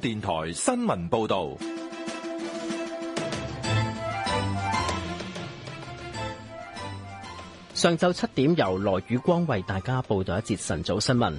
電台新聞報道：上晝七點，由羅宇光為大家報道一節晨早新聞。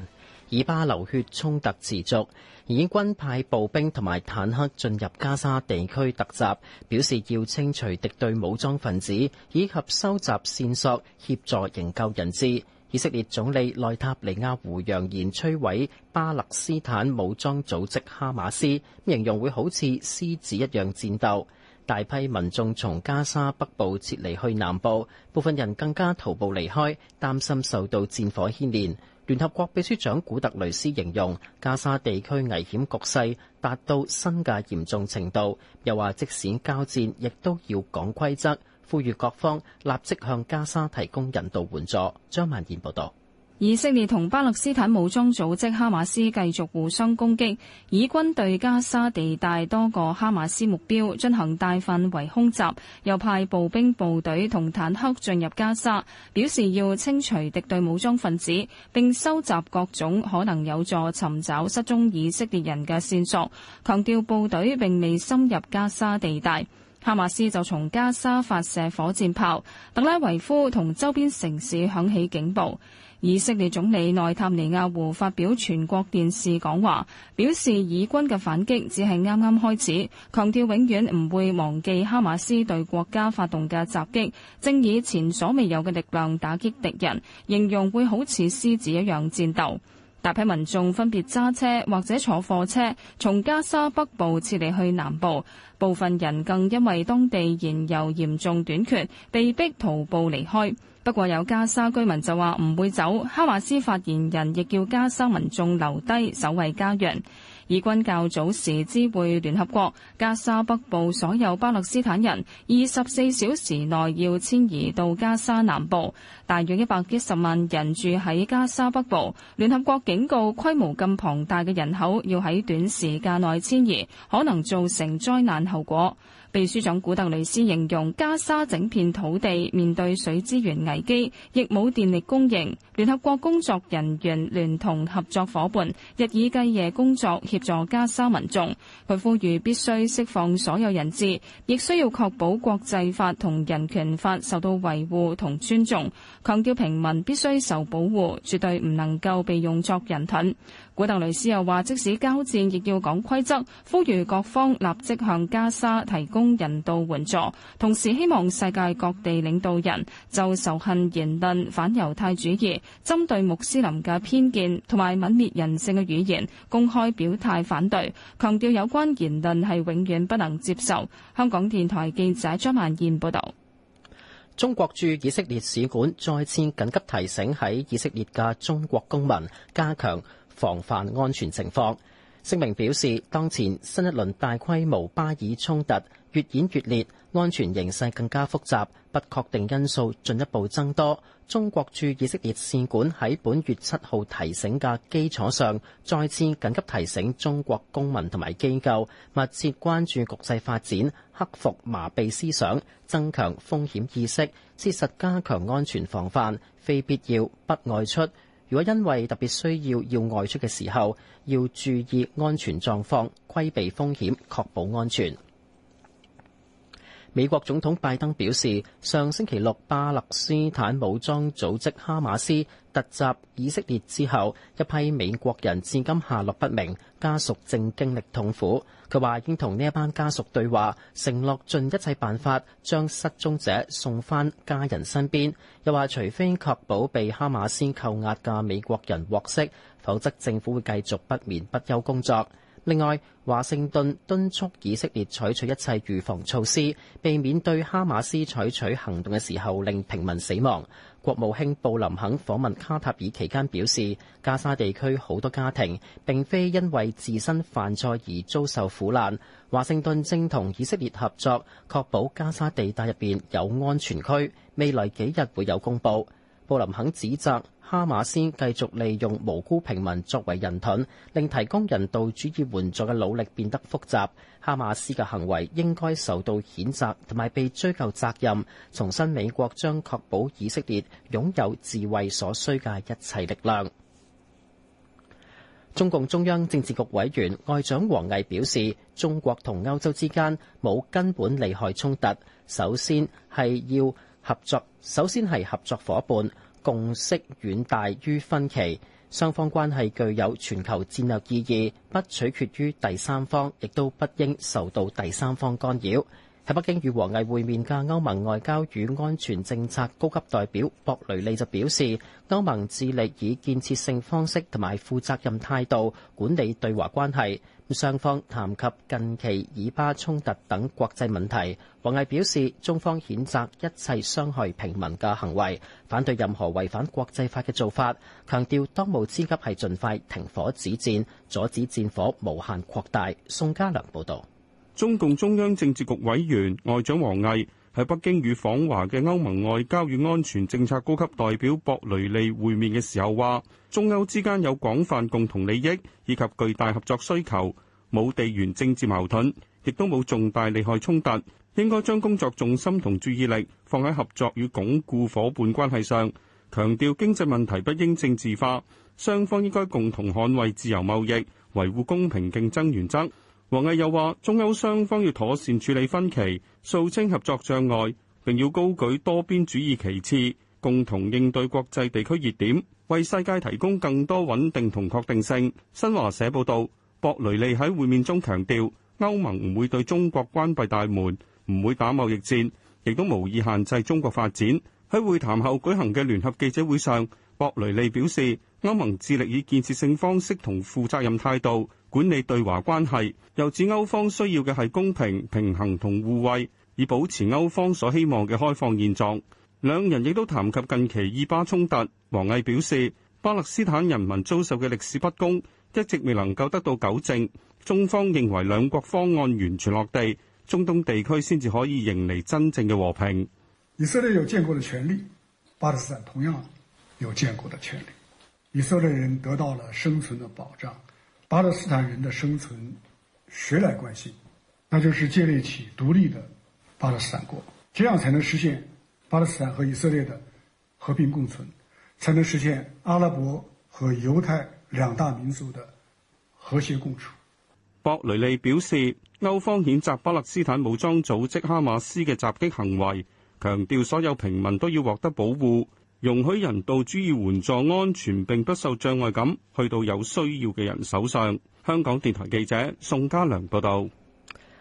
以巴流血衝突持續，以軍派步兵同埋坦克進入加沙地區突襲，表示要清除敵對武裝分子以及收集線索，協助營救人質。以色列總理內塔尼亞胡揚言摧毀巴勒斯坦武裝組織哈馬斯，形容會好似獅子一樣戰鬥。大批民眾從加沙北部撤離去南部，部分人更加徒步離開，擔心受到戰火牽連。聯合國秘書長古特雷斯形容，加沙地區危險局勢達到新嘅嚴重程度，又話即使交戰亦都要講規則。呼籲各方立即向加沙提供引導援助。張曼燕報道：以色列同巴勒斯坦武裝組織哈馬斯繼續互相攻擊，以軍對加沙地帶多個哈馬斯目標進行大範圍空襲，又派步兵部隊同坦克進入加沙，表示要清除敵對武裝分子並收集各種可能有助尋找失蹤以色列人嘅線索，強調部隊並未深入加沙地帶。哈馬斯就從加沙發射火箭炮，特拉維夫同周邊城市響起警報。以色列總理內塔尼亞胡發表全國電視講話，表示以軍嘅反擊只係啱啱開始，強調永遠唔會忘記哈馬斯對國家發動嘅襲擊，正以前所未有嘅力量打擊敵人，形容會好似獅子一樣戰鬥。大批民眾分別揸車或者坐貨車從加沙北部撤離去南部，部分人更因為當地燃油嚴重短缺，被迫徒步離開。不過有加沙居民就話唔會走。哈馬斯發言人亦叫加沙民眾留低守衞家園。以軍較早時知會聯合國，加沙北部所有巴勒斯坦人二十四小時內要遷移到加沙南部。大約一百一十萬人住喺加沙北部，聯合國警告規模咁龐大嘅人口要喺短時間內遷移，可能造成災難後果。秘書長古特雷斯形容加沙整片土地面對水資源危機，亦冇電力供應。聯合國工作人員聯同合作伙伴日以繼夜工作協助加沙民眾。佢呼籲必須釋放所有人質，亦需要確保國際法同人權法受到維護同尊重，強調平民必須受保護，絕對唔能夠被用作人盾。古特雷斯又話，即使交戰，亦要講規則，呼籲各方立即向加沙提供人道援助。同時，希望世界各地領導人就仇恨言論、反猶太主義、針對穆斯林嘅偏見同埋泯滅人性嘅語言公開表態反對，強調有關言論係永遠不能接受。香港電台記者張曼燕報道。中國駐以色列使館再次緊急提醒喺以色列嘅中國公民加強。防範安全情況，聲明表示，當前新一輪大規模巴以衝突越演越烈，安全形勢更加複雜，不確定因素進一步增多。中國駐以色列使館喺本月七號提醒嘅基礎上，再次緊急提醒中國公民同埋機構密切關注局勢發展，克服麻痹思想，增強風險意識，切實加強安全防範，非必要不外出。如果因為特別需要要外出嘅時候，要注意安全狀況，規避風險，確保安全。美國總統拜登表示，上星期六巴勒斯坦武裝組織哈馬斯突襲以色列之後，一批美國人至今下落不明，家屬正經歷痛苦。佢話，應同呢一班家屬對話，承諾盡一切辦法將失蹤者送翻家人身邊。又話，除非確保被哈馬斯扣押嘅美國人獲釋，否則政府會繼續不眠不休工作。另外，華盛頓敦促以色列採取一切預防措施，避免對哈馬斯採取行動嘅時候令平民死亡。國務卿布林肯訪問卡塔爾期間表示，加沙地區好多家庭並非因為自身犯錯而遭受苦難。華盛頓正同以色列合作，確保加沙地帶入邊有安全區。未來幾日會有公佈。布林肯指責，哈馬斯繼續利用無辜平民作為人盾，令提供人道主義援助嘅努力變得複雜。哈馬斯嘅行為應該受到譴責，同埋被追究責任。重申美國將確保以色列擁有自衛所需嘅一切力量。中共中央政治局委員外長王毅表示，中國同歐洲之間冇根本利害衝突，首先係要合作，首先係合作夥伴。共識遠大於分歧，雙方關係具有全球戰略意義，不取決於第三方，亦都不應受到第三方干擾。喺北京與王毅會面嘅歐盟外交與安全政策高級代表博雷利就表示，歐盟致力以建設性方式同埋負責任態度管理對華關係。咁雙方談及近期以巴衝突等國際問題。王毅表示，中方譴責一切傷害平民嘅行為，反對任何違反國際法嘅做法，強調當務之急係盡快停火止戰，阻止戰火無限擴大。宋家良報導。中共中央政治局委員外長王毅喺北京與訪華嘅歐盟外交與安全政策高級代表博雷利會面嘅時候話，中歐之間有廣泛共同利益以及巨大合作需求，冇地緣政治矛盾，亦都冇重大利害衝突，應該將工作重心同注意力放喺合作與鞏固夥伴關係上。強調經濟問題不應政治化，雙方應該共同捍衛自由貿易，維護公平競爭原則。王毅又話：中歐雙方要妥善處理分歧，掃清合作障礙，並要高舉多邊主義旗幟，共同應對國際地區熱點，為世界提供更多穩定同確定性。新華社報導，博雷利喺會面中強調，歐盟唔會對中國關閉大門，唔會打貿易戰，亦都無意限制中國發展。喺會談後舉行嘅聯合記者會上，博雷利表示，歐盟致力以建設性方式同負責任態度。管理對華關係，又指歐方需要嘅係公平、平衡同互惠，以保持歐方所希望嘅開放現狀。兩人亦都談及近期以巴衝突。王毅表示，巴勒斯坦人民遭受嘅歷史不公一直未能夠得到糾正。中方認為兩國方案完全落地，中東地區先至可以迎嚟真正嘅和平。以色列有建國嘅權利，巴勒斯坦同樣有建國嘅權利。以色列人得到了生存嘅保障。巴勒斯坦人的生存，誰來關心？那就是建立起獨立的巴勒斯坦國，這樣才能實現巴勒斯坦和以色列的和平共存，才能實現阿拉伯和猶太兩大民族的和諧共處。博雷利表示，歐方譴責巴勒斯坦武裝組織哈馬斯的襲擊行為，強調所有平民都要獲得保護。容許人道主義援助安全並不受障礙，咁，去到有需要嘅人手上。香港電台記者宋家良報道。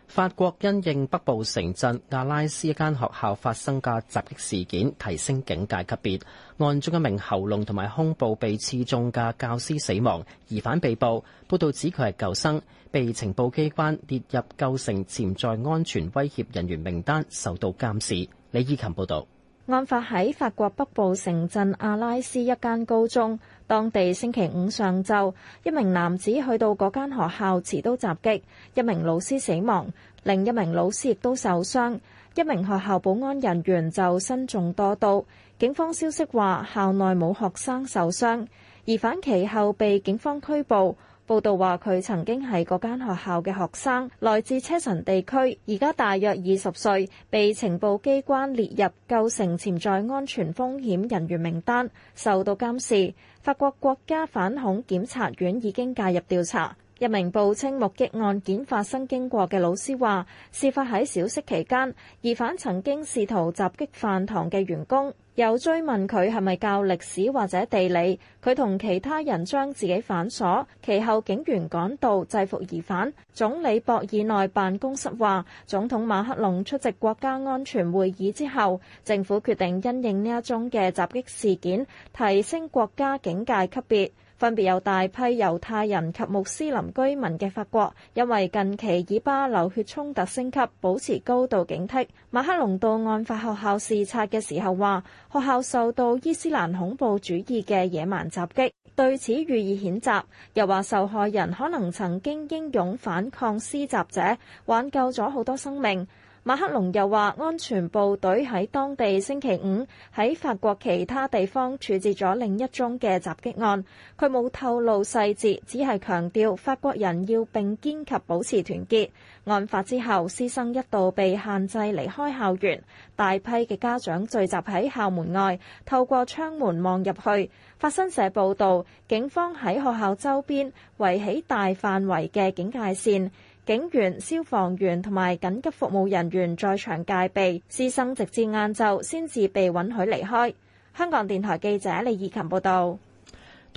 法國因應北部城鎮阿拉斯一間學校發生嘅襲擊事件，提升警戒級別。案中一名喉嚨同埋胸部被刺中嘅教師死亡，疑犯被捕。報道指佢係舊生，被情報機關列入構成潛在安全威脅人員名單，受到監視。李依琴報道。案發喺法國北部城鎮阿拉斯一間高中，當地星期五上晝，一名男子去到嗰間學校持刀襲擊，一名老師死亡，另一名老師亦都受傷，一名學校保安人員就身中多刀。警方消息話，校內冇學生受傷，疑犯其後被警方拘捕。報道話，佢曾經係嗰間學校嘅學生，來自車臣地區，而家大約二十歲，被情報機關列入構成潛在安全風險人員名單，受到監視。法國國家反恐檢察院已經介入調查。一名報稱目擊案件發生經過嘅老師話：事發喺小息期間，疑犯曾經試圖襲擊飯堂嘅員工，又追問佢係咪教歷史或者地理。佢同其他人將自己反鎖，其後警員趕到制服疑犯。總理博爾內辦公室話：總統馬克龍出席國家安全會議之後，政府決定因應呢一宗嘅襲擊事件，提升國家警戒級別。分別有大批猶太人及穆斯林居民嘅法國，因為近期以巴流血衝突升級，保持高度警惕。馬克龍到案發學校視察嘅時候話，學校受到伊斯蘭恐怖主義嘅野蠻襲擊，對此予以譴責，又話受害人可能曾經英勇反抗施襲者，挽救咗好多生命。馬克龍又話，安全部隊喺當地星期五喺法國其他地方處置咗另一宗嘅襲擊案。佢冇透露細節，只係強調法國人要並肩及保持團結。案發之後，師生一度被限制離開校園，大批嘅家長聚集喺校門外，透過窗門望入去。法新社報導，警方喺學校周邊圍起大範圍嘅警戒線。警員、消防員同埋緊急服務人員在場戒備，師生直至晏晝先至被允許離開。香港電台記者李義琴報道。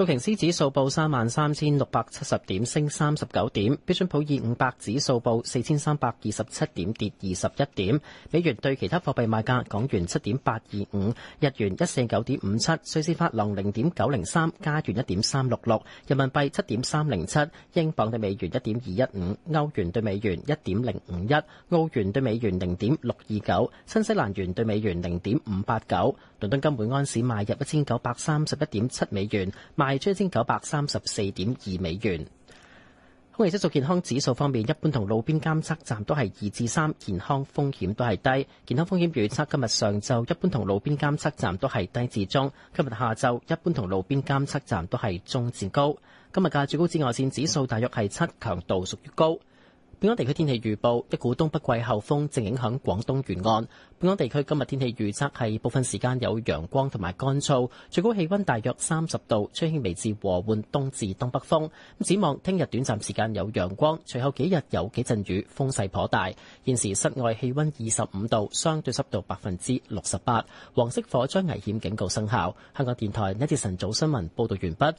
道瓊斯指數報三萬三千六百七十點，升三十九點；標準普爾五百指數報四千三百二十七點，跌二十一點。美元對其他貨幣賣價：港元七點八二五，日元一四九點五七，瑞士法郎零點九零三，加元一點三六六，人民幣七點三零七，英鎊對美元一點二一五，歐元對美元一點零五一，澳元對美元零點六二九，新西蘭元對美元零點五八九。倫敦金每安士買入一千九百三十一點七美元，賣出一千九百三十四點二美元。空氣質素健康指數方面，一般同路邊監測站都係二至三，健康風險都係低。健康風險預測今日上晝一般同路邊監測站都係低至中，今日下晝一般同路邊監測站都係中至高。今日嘅最高紫外線指數大約係七，強度屬於高。本港地區天氣預報：一股東北季候風正影響廣東沿岸。本港地區今日天氣預測係部分時間有陽光同埋乾燥，最高氣溫大約三十度，吹輕微至和緩東至東北風。咁展望聽日短暫時間有陽光，隨後幾日有幾陣雨，風勢頗大。現時室外氣溫二十五度，相對濕度百分之六十八，黃色火災危險警告生效。香港電台呢一節晨早新聞報道完畢。